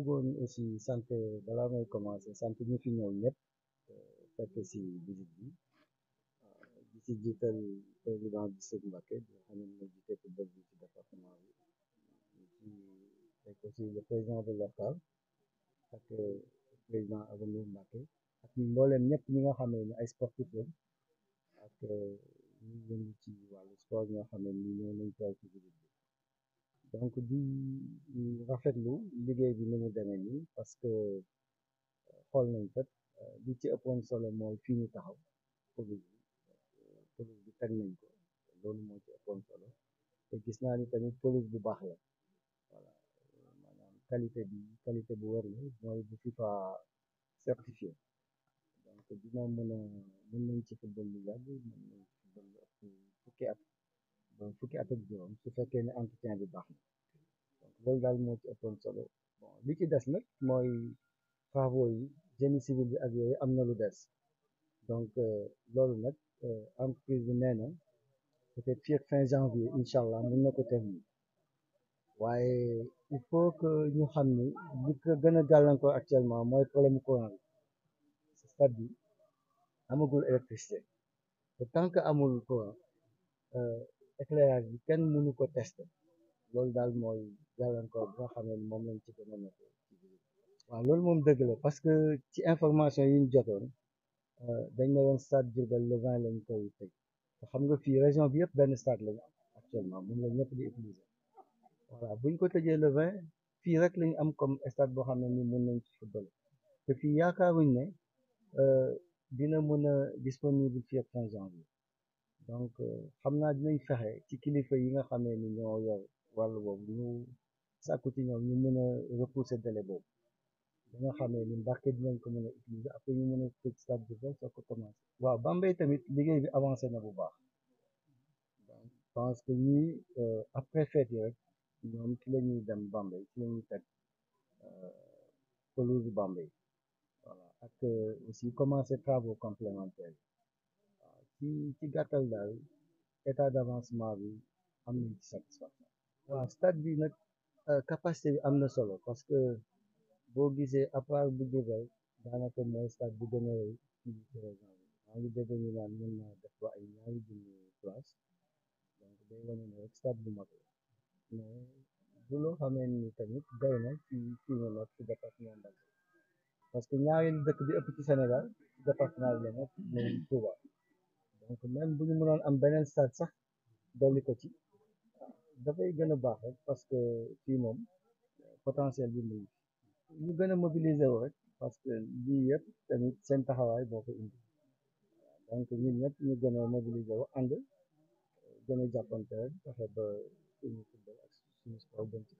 bëggoon aussi sant balaa may commencer sant ñi fi ñëw ñëpp fekk si visite bi di si jiital président bi Sëñ Mbacké di nga xam ne moo jiite football bi ci département bi ci fekk aussi le président de local ak président Avenir Mbacké ak mbooleem ñëpp ñi nga xamee ni ay sportif lañ ak ñu yëngu ci wàllu sport ñoo xam ne ni ñoo donc rafet rafetlu liggéey bi ni mu demee nii parce que xool nañ fët li ci ëppoon solo mooy fii ñu taxaw police bi police bi teg nañ ko loolu moo ci ëppoon solo te gis naa ni tamit police bu baax la maanaam qualité bi qualité bu wér la mooy bu FIFA certifié donc dina mën a mun nañ ci football lu yàgg mën nañ ci football fukki at fukki at ak juróom su fekkee ne entretien bi baax na loolu daal moo ci ëppoon solo bon li ci des nag mooy travaux yi génie civil bi ak yooyu am na lu des donc euh, loolu nag euh, entreprise bi nee na peut-être fii fin janvier incha allah mën na ko terminer waaye il faut que ñu xam ni li ko gën a actuellement mooy problème courant bi stade bi amagul électricité te tant que amul courant euh, éclairage bi kenn mënu ko test loolu daal mooy gàllankoor bi nga xam ne moom lañ ci gën a nekk waaw loolu moom dëgg la parce que ci information yi ñu jotoon euh, dañ ne woon stade Diourbel le vingt lañ koy tëj xam nga fii région bi yëpp benn stade lañu am actuellement moom la ñëpp di utiliser voilà buñ ko tëjee le vingt fii rek lañu am comme stade boo xam ne ni mën nañ ci football te fii yaakaaruñ ne euh, dina mën a disponible fii ak fin janvier donc xam naa dinañ fexe ci kilifa yi nga xamee ni ñoo yor wàll boobu ñu sàkku ci ñoom ñu mën a repousser délai boobu ba nga xamee ni Mbarké dinañ ko mën a utiliser après ñu mën a tëj stade bi ba soo ko commencé waaw Bambey tamit liggéey bi avancé na bu baax donc pense que ñii euh, après fête yi rek ñoom ci la ñuy dem Bambey ci la ñuy teg euh, pelouse Bambey voilà ak euh, aussi commencé travaux complémentaires yi ci ci gàttal daal état d'avancement bi am nañ ci satisfaction waaw stade bi nag euh, capacité bi am na solo parce que boo gisee à part bu Diourbel daanaka mooy stade bu gën a ci région bi maa ngi naan mën naa def ba ay ñaari junni place donc day wane ne rek stade bu mag la mais bu ni tamit doy na ci fii ñu nekk ci département Mbacké parce que ñaareelu donc même bu ñu mënoon am beneen stade sax dolli ko ci dafay gën a baax rek parce que fii moom potentiel gën a mobiliser wu rek parce que lii yëpp tamit seen taxawaay boo ko indi donc ñun ñëpp gën a mobiliser wu ba suñu football ak suñu sport gën ci